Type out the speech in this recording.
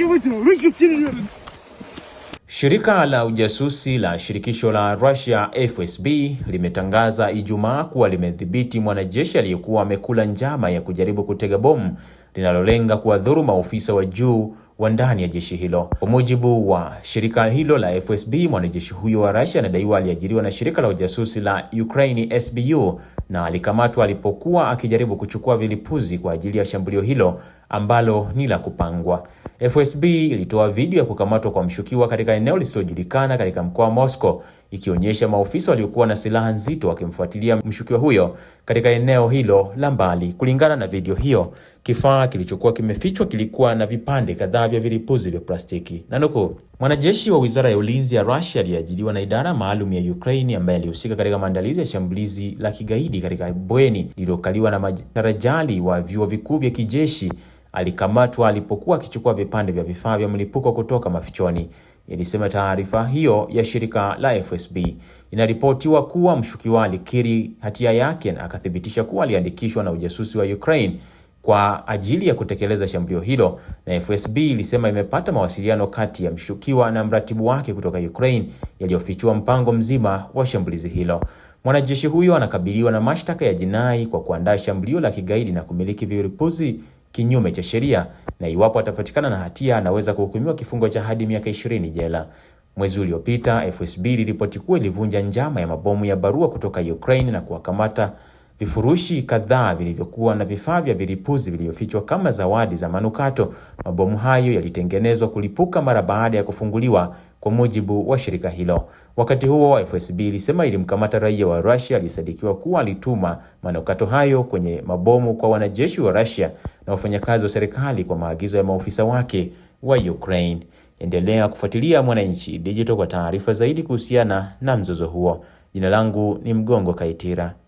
Руки вытянул, руки Shirika la ujasusi la shirikisho la Russia FSB limetangaza Ijumaa kuwa limedhibiti mwanajeshi aliyekuwa amekula njama ya kujaribu kutega bomu linalolenga kuwadhuru maofisa wa juu wa ndani ya jeshi hilo. Kwa mujibu wa shirika hilo la FSB, mwanajeshi huyo wa Russia anadaiwa aliajiriwa na shirika la ujasusi la Ukraine SBU na alikamatwa alipokuwa akijaribu kuchukua vilipuzi kwa ajili ya shambulio hilo ambalo ni la kupangwa. FSB ilitoa video ya kukamatwa kwa mshukiwa katika eneo lisilojulikana katika mkoa wa Moscow ikionyesha maofisa waliokuwa na silaha nzito wakimfuatilia mshukiwa huyo katika eneo hilo la mbali. Kulingana na video hiyo, kifaa kilichokuwa kimefichwa kilikuwa na vipande kadhaa vya vilipuzi vya plastiki. Nanuku, mwanajeshi wa wizara ya ulinzi ya Russia aliyeajiriwa na idara maalum ya Ukraine ambaye alihusika katika maandalizi ya shambulizi la kigaidi katika bweni lililokaliwa na matarajali wa vyuo vikuu vya kijeshi alikamatwa alipokuwa akichukua vipande vya vifaa vya mlipuko kutoka mafichoni ilisema taarifa hiyo ya shirika la FSB. Inaripotiwa kuwa mshukiwa alikiri hatia yake na akathibitisha kuwa aliandikishwa na ujasusi wa Ukraine kwa ajili ya kutekeleza shambulio hilo, na FSB ilisema imepata mawasiliano kati ya mshukiwa na mratibu wake kutoka Ukraine yaliyofichua mpango mzima wa shambulizi hilo. Mwanajeshi huyo anakabiliwa na mashtaka ya jinai kwa kuandaa shambulio la kigaidi na kumiliki vilipuzi kinyume cha sheria na iwapo atapatikana na hatia anaweza kuhukumiwa kifungo cha hadi miaka ishirini jela. Mwezi uliopita, FSB iliripoti kuwa ilivunja njama ya mabomu ya barua kutoka Ukraine na kuwakamata vifurushi kadhaa vilivyokuwa na vifaa vya vilipuzi vilivyofichwa kama zawadi za manukato. Mabomu hayo yalitengenezwa kulipuka mara baada ya kufunguliwa, kwa mujibu wa shirika hilo. Wakati huo, FSB ilisema ilimkamata raia wa Russia aliyesadikiwa kuwa alituma manukato hayo kwenye mabomu kwa wanajeshi wa Russia na wafanyakazi wa serikali kwa maagizo ya maofisa wake wa Ukraine. Endelea kufuatilia Mwananchi Digital kwa taarifa zaidi kuhusiana na mzozo huo. Jina langu ni Mgongo Kaitira.